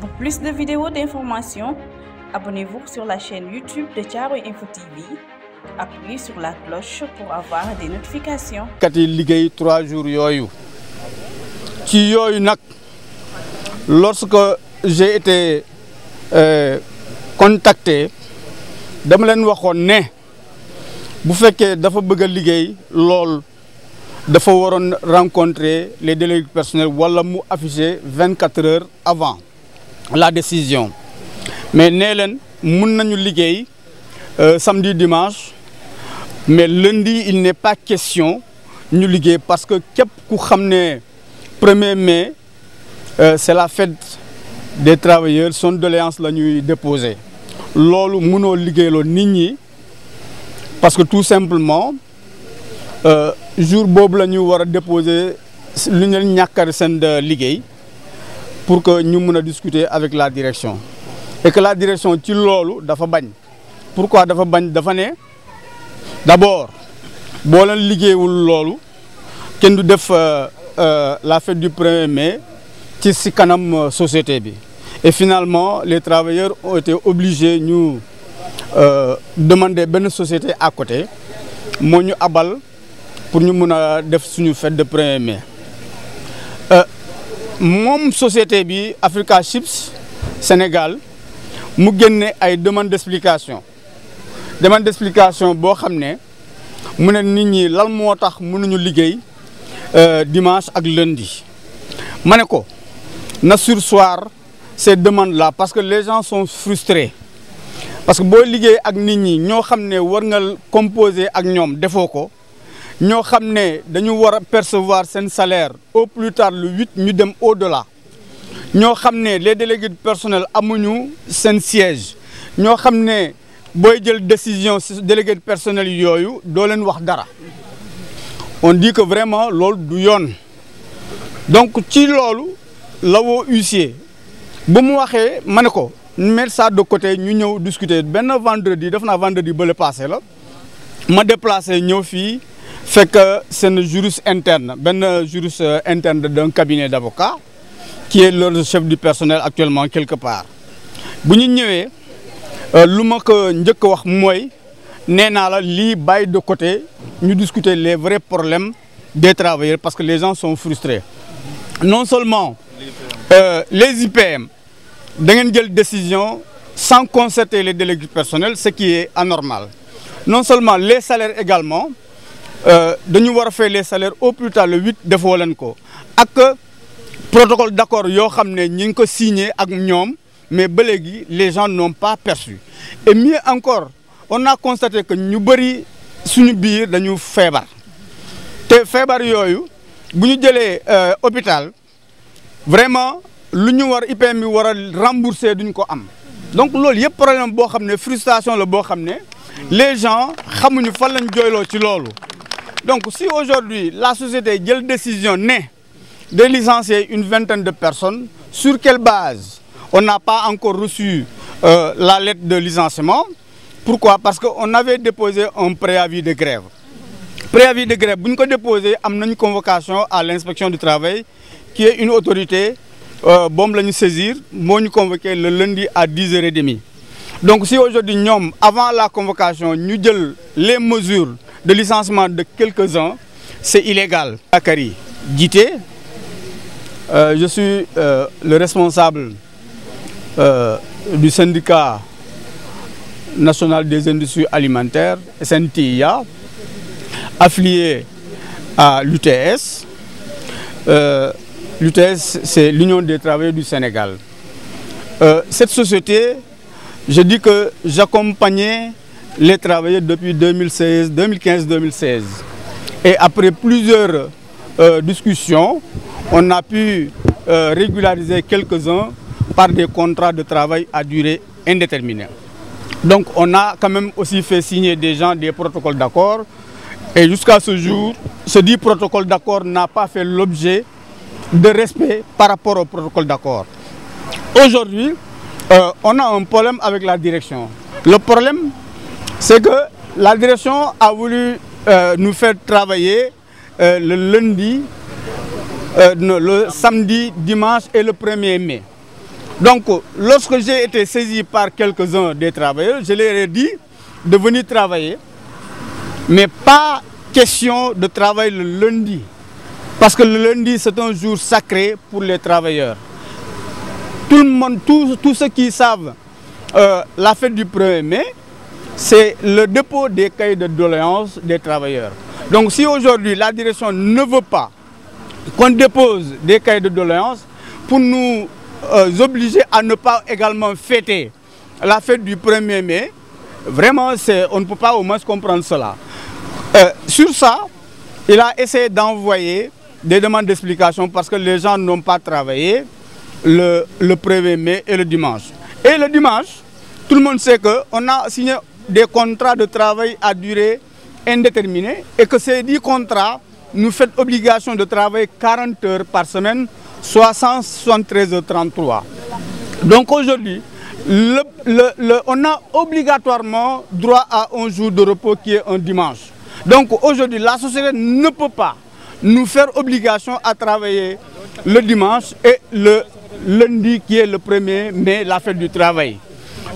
Pour plus de vidéos d'informations, abonnez-vous sur la chaîne YouTube de Charo Info TV. Appuyez sur la cloche pour avoir des notifications. Quand yi trois jours yoyou. ci yoyou nak. lorsque j'ai été euh, contacté dama leen waxoon ne bu fekkee dafa bëgg a lool dafa rencontrer les délégués personnels wala mu afficher vingt heures avant la décision mais nous, nous euh, samedi dimanche mais lundi il n'est pas question de liguer parce que Cap ku le 1 mai euh, c'est la fête des travailleurs son doléance la nuit déposée. parce que tout simplement euh, jour bob la ñu déposer pour que nous puissions discuter avec la direction et que la direction ci loolu dafa pourquoi dafa bañ dafa d'abord boo leen liggéeyul loolu nous du def euh, euh, la fête du 1er mai ci si la euh, société bi et finalement les travailleurs ont été obligés nous demander ben société à côté abal pour nous faire une def suñu fête de er mai mon société bi Africa Chips Sénégal mu génne ay demande d'explication demande d'explication bo xamné ne mu ne nit ñi lan tax mënuñu euh, dimanche ak lundi mané suis ko na soir ces demandes là parce que les gens sont frustrés parce que si liggéey ak nit ñi ño xamné ne war nga composer ak ñom nous savons que nous devons percevoir son salaire au plus tard le 8 ñu dem au delà Nous savons que les délégués de personnel amuñu son siège que si ne booy jël décision les délégué de personnel yooyu doo leen wax dara on dit que vraiment loolu du yoon donc ci loolu la woo huissier bu mu waxee ma ne ko mettre ça de côté nous allons discuter ben vendredi def naa vendredi ba le passé la ma déplacé ñëw fii fait que C'est une juriste interne ben, euh, juriste euh, interne d'un cabinet d'avocats qui est leur chef du personnel actuellement quelque part Nous euh, avons, ko que wax de côté nous discuter les vrais problèmes des travailleurs parce que les gens sont frustrés non seulement les IPM ont pris décision sans concerter les délégués du ce qui est anormal non seulement les salaires également euh, dañu war fait les salaires au plus tard le 8 defo len ko ak protocole d'accord yo xamné avons ko signé ak nous, mais ba les gens n'ont pas perçu et mieux encore on a constaté que ñu bari suñu biir dañu feebar té feebar yoyu bu ñu jëlee euh, hôpital vraiment lu ñu war IPM bi war rembourser duñ ko am donc lool Donc problème bo xamné frustration la les gens xamuñu fa lañ joylo ci loolu donc si aujourd'hui la société a la décision de licencier une vingtaine de personnes, sur quelle base on n'a pas encore reçu euh, la lettre de licenciement Pourquoi Parce qu'on avait déposé un préavis de grève. Préavis de grève, nous avons déposé une convocation à l'inspection du travail, qui est une autorité, euh, nous saisir, nous convoqué le lundi à 10h30. Donc si aujourd'hui, avant la convocation, nous avons les mesures de licenciement de quelques-uns, c'est illégal. Akari euh, je suis euh, le responsable euh, du syndicat national des industries alimentaires, SNTIA, affilié à l'UTS. L'UTS, c'est l'Union des travailleurs du Sénégal. cette société, je dis que j'accompagnais les travailler depuis 2016, 2015-2016. Et après plusieurs euh, discussions, on a pu euh, régulariser quelques-uns par des contrats de travail à durée indéterminée. Donc on a quand même aussi fait signer des gens des protocoles d'accord. Et jusqu'à ce jour, ce dit protocole d'accord n'a pas fait l'objet de respect par rapport au protocole d'accord. Aujourd'hui, euh, on a un problème avec la direction. Le problème, c'est que la direction a voulu euh, nous faire travailler euh, le lundi, euh, le samedi, dimanche et le 1er mai. Donc, lorsque j'ai été saisi par quelques-uns des travailleurs, je leur ai dit de venir travailler, mais pas question de travailler le lundi, parce que le lundi, c'est un jour sacré pour les travailleurs. Tout le monde, tous ceux qui savent la fête du 1er mai, c'est le dépôt des cahiers de doléances des travailleurs. Donc si aujourd'hui la direction ne veut pas qu'on dépose des cahiers de doléances pour nous euh, obliger à ne pas également fêter la fête du 1er mai, vraiment on ne peut pas au moins comprendre cela. Euh, sur ça, il a essayé d'envoyer des demandes d'explication parce que les gens n'ont pas travaillé le, le 1er mai et le dimanche. Et le dimanche, tout le monde sait qu'on a signé des contrats de travail à durée indéterminée et que ces 10 contrats nous font obligation de travailler 40 heures par semaine, soit 173 heures 33. Donc aujourd'hui, le, on a obligatoirement droit à un jour de repos qui est un dimanche. Donc aujourd'hui, la société ne peut pas nous faire obligation à travailler le dimanche et le lundi qui est le 1er mai, la fête du travail.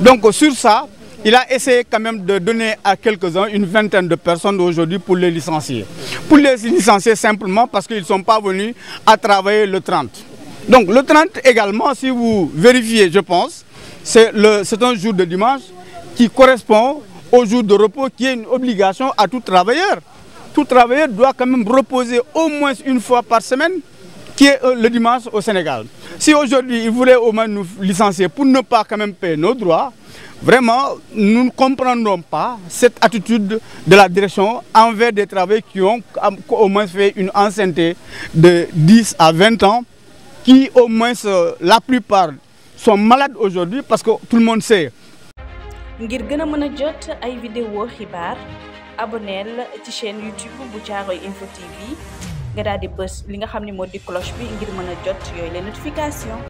Donc sur ça, il a essayé quand même de donner à quelques-uns, une vingtaine de personnes aujourd'hui pour les licencier. Pour les licencier simplement parce qu'ils ne sont pas venus à travailler le 30. Donc le 30 également, si vous vérifiez, je pense, c'est un jour de dimanche qui correspond au jour de repos qui est une obligation à tout travailleur. Tout travailleur doit quand même reposer au moins une fois par semaine, qui est euh, le dimanche au Sénégal. Si aujourd'hui ils voulaient au moins nous licencier pour ne pas quand même payer nos droits, Vraiment, nous ne comprenons pas cette attitude de la direction envers des travailleurs qui ont euh, au moins fait une ancienneté de 10 à 20 ans, qui au moins euh, la plupart sont malades aujourd'hui parce que tout le monde sait. ngir vous a jot ay vidéo abonnez chaîne YouTube bu et info TV vous daal di bës li nga à cloche bi ngir les notifications.